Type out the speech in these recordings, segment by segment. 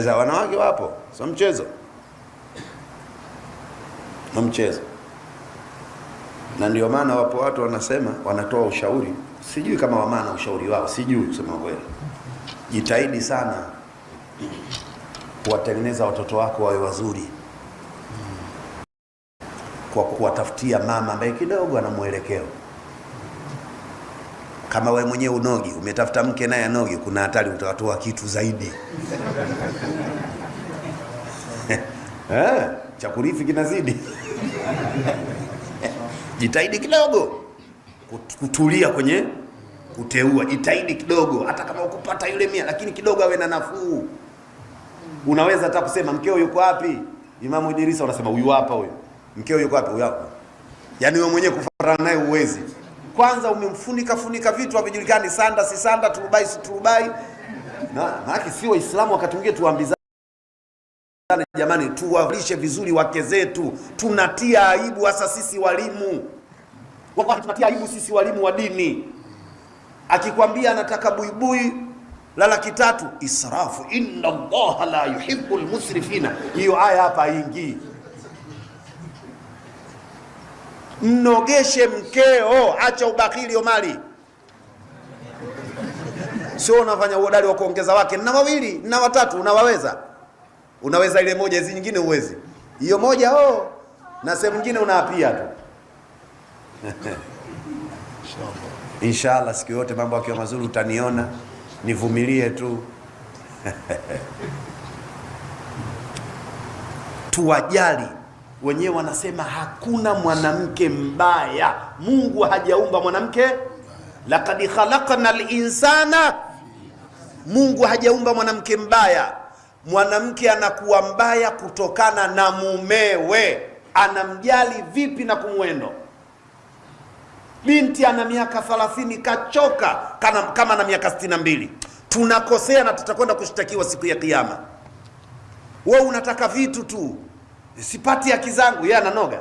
za wanawake wapo, sio mchezo, sio mchezo. Na ndio maana wapo watu wanasema, wanatoa ushauri, sijui kama wa maana ushauri wao, sijui kusema kweli. Jitahidi sana kuwatengeneza watoto wako wawe wazuri kwa kuwatafutia mama ambaye kidogo ana mwelekeo. Kama wewe mwenyewe unogi, umetafuta mke naye anogi, kuna hatari utatoa kitu zaidi eh, chakurifi kinazidi. Jitahidi kidogo kutulia kwenye kuteua, jitahidi kidogo, hata kama ukupata yule mia, lakini kidogo awe na nafuu. Unaweza hata kusema mkeo yuko wapi? Imamu Idrisa unasema huyu hapa, huyu mkeo yuko wapi? Huyu hapa. Yaani wewe mwenyewe kufuatana naye uwezi kwanza umemfunika funika vitu havijulikani, sanda si sanda, turubai si turubai. Maana si Waislamu wakati mwingine tuambizane, jamani, tuwalishe vizuri wake zetu, tunatia aibu hasa sisi walimu kwa tunatia aibu sisi walimu wa dini. Akikwambia anataka buibui la laki tatu, israfu, inna Allaha la yuhibbul musrifina, hiyo aya hapa ingii Mnogeshe mkeo, acha ubakhili Omari, sio unafanya uodari wa kuongeza wake na wawili na watatu, unawaweza unaweza ile moja, hizi nyingine uwezi. Hiyo moja oh, na sehemu nyingine unaapia tu Inshallah, siku yote mambo akiwa mazuri utaniona, nivumilie tu tuwajali wenyewe wanasema hakuna mwanamke mbaya, Mungu hajaumba mwanamke. Laqad khalaqna linsana, Mungu hajaumba mwanamke mbaya. Mwanamke anakuwa mbaya kutokana na mumewe, anamjali vipi na kumwendo. Binti ana miaka 30 kachoka kana, kama na miaka 62. Tunakosea na tutakwenda kushtakiwa siku ya Kiyama. We unataka vitu tu sipati haki zangu, yeye ananoga.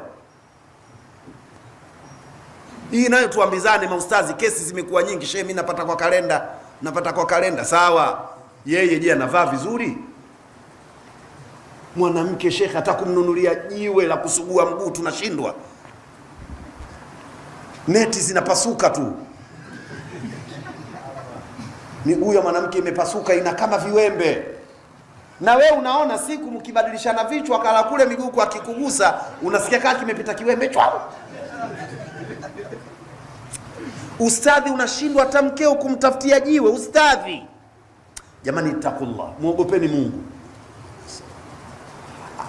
Hii nayo tuambizane maustazi, kesi zimekuwa nyingi. Shehe, mimi napata kwa kalenda, napata kwa kalenda. Sawa, yeye je, anavaa vizuri? Mwanamke shekhe, hata kumnunulia jiwe la kusugua mguu tunashindwa, neti zinapasuka tu miguu ya mwanamke imepasuka, ina kama viwembe na we unaona siku mkibadilishana vichwa kala kule miguu kwa kikugusa, unasikia kama kimepita kiwembe chwa. Ustadhi unashindwa hata mkeo kumtafutia jiwe ustadhi. Jamani, takullah, muogopeni Mungu.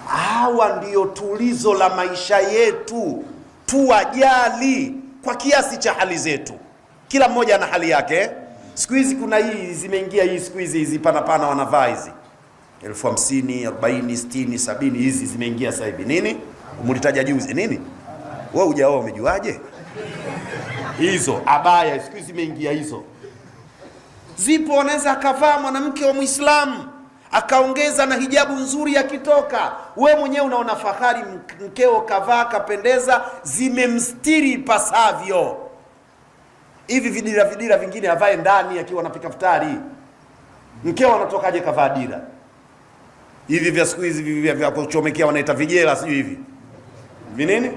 Hawa ndiyo tulizo la maisha yetu, tuwajali kwa kiasi cha hali zetu. Kila mmoja ana hali yake. Siku hizi kuna hii zimeingia hii, siku hizi hizi pana pana wanavaa hizi elfu hamsini, arobaini, sitini, sabini hizi zimeingia sasa hivi. Nini mulitaja juzi nini? Wewe hujaoa umejuaje? Hizo abaya siku hizi zimeingia hizo. Zipo, anaweza akavaa mwanamke wa Muislamu akaongeza na hijabu nzuri akitoka, we mwenyewe unaona fahari, mkeo kavaa kapendeza, zimemstiri pasavyo. Hivi vidira vidira vingine avae ndani akiwa anapika futari, mkeo anatokaje kavaa dira hivi vya siku hizi vya kuchomekea wanaita vijela, sijui hivi vinini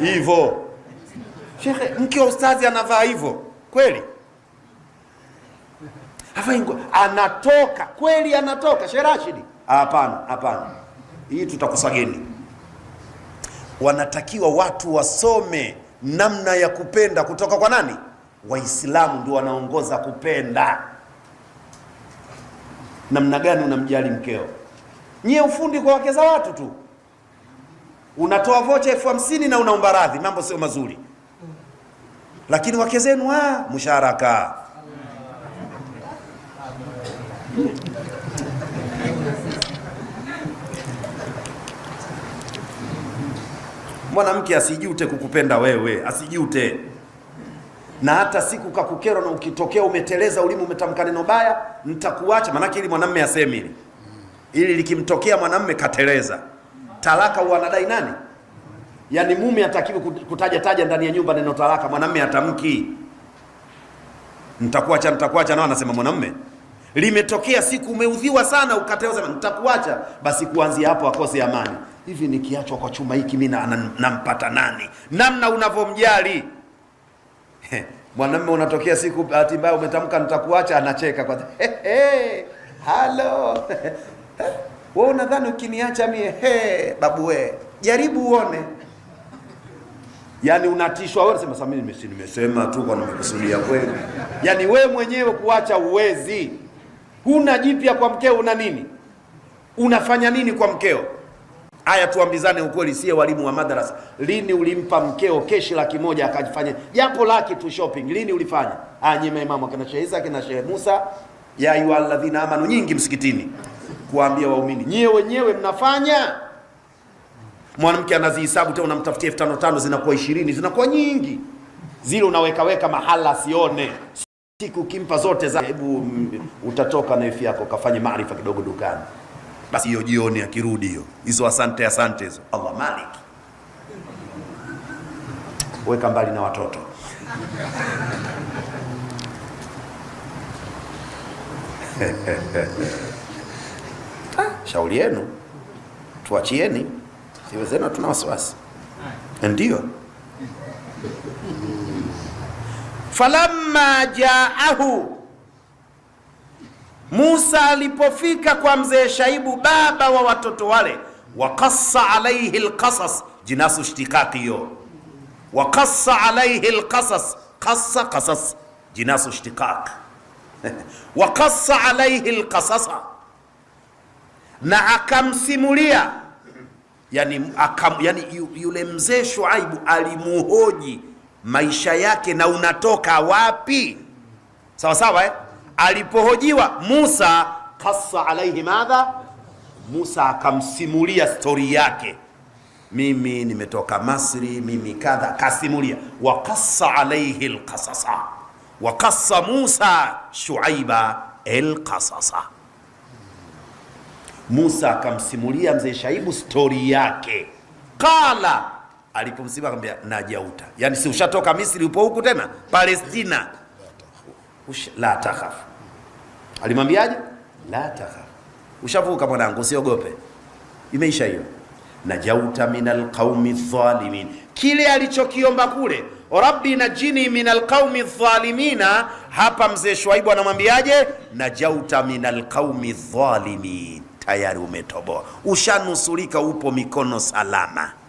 hivyo. Shekhe, mke wa ustazi anavaa hivyo kweli? Anatoka kweli, anatoka Sheikh Rashid? Hapana, hapana, hii tutakusageni. Wanatakiwa watu wasome namna ya kupenda kutoka kwa nani? Waislamu ndio wanaongoza kupenda. Namna gani unamjali mkeo Nyie ufundi kwa wake za watu tu, unatoa vocha elfu hamsini na unaomba radhi, mambo sio mazuri, lakini wake zenu ah, msharaka Mwanamke asijute kukupenda wewe, asijute na hata siku kakukerwa na ukitokea umeteleza ulimu umetamka neno baya, nitakuacha. Maanake ili mwanamme asemi ili likimtokea mwanamume kateleza, talaka wanadai nani? Yaani mume hatakiwi kutaja taja ndani ya nyumba neno talaka, mwanamume atamki, nitakuacha, nitakuacha, nao anasema mwanamume. Limetokea siku umeudhiwa sana, ukateleza, nitakuacha, basi kuanzia hapo akose amani. Hivi nikiachwa kwa chuma hiki mimi nampata nani? Namna unavyomjali mwanamume, unatokea siku bahati mbaya umetamka nitakuacha, anacheka kwa halo Eh? Wewe unadhani ukiniacha mie he, babu we, jaribu uone. Yaani unatishwa wewe, unasema sasa mimi nimesema tu kwa nimekusudia kweli. Yaani wewe mwenyewe kuacha uwezi. Huna jipya kwa mkeo, una nini? Unafanya nini kwa mkeo? Haya, tuambizane ukweli, sie walimu wa madrasa, Lini ulimpa mkeo keshi laki moja akajifanya japo laki tu shopping? Lini ulifanya? Ah, nyima imamu akina Sheikh Isa akina Sheikh Musa ya ayu alladhina amanu nyingi msikitini kuwaambia waumini, nyie wenyewe mnafanya. Mwanamke anazihisabu tena, unamtafutia elfu tano tano, zinakuwa ishirini, zinakuwa nyingi zile, unawekaweka mahala sione siku kimpa zote za hebu utatoka na ifi yako kafanye maarifa kidogo dukani. Basi hiyo jioni akirudi hiyo hizo asante asante hizo Allah Malik, weka mbali na watoto shauri yenu, tuachieni zenu, tuna wasiwasi. Ndio falamma jaahu Musa alipofika kwa mzee Shaibu, baba wa watoto wale, wakassa alaihi lqasas jinasu shtikaki hiyo, wakassa alaihi lqasas qassa qasas jinasu shtikak wakassa alaihi lqasasa na akamsimulia yani, akam, yani yule mzee Shuaibu alimuhoji maisha yake na unatoka wapi sawa sawa eh? Alipohojiwa Musa kasa alaihi madha, Musa akamsimulia stori yake, mimi nimetoka Masri, mimi kadha, kasimulia wakasa alaihi lkasasa wakasa Musa shuaiba elkasasa Musa akamsimulia mzee Shaibu stori yake, qala alipomsiba akamwambia najauta, yani si ushatoka Misri, upo huku tena Palestina, la takhaf. Alimwambiaje? la takhaf, ushavuka mwanangu, usiogope, imeisha hiyo. Najauta minal qaumi dhalimin, kile alichokiomba kule rabbi najini minal alqaumi dhalimina. Hapa mzee Shuaibu anamwambiaje? najauta minal qaumi dhalimin tayari umetoboa, ushanusurika, upo mikono salama.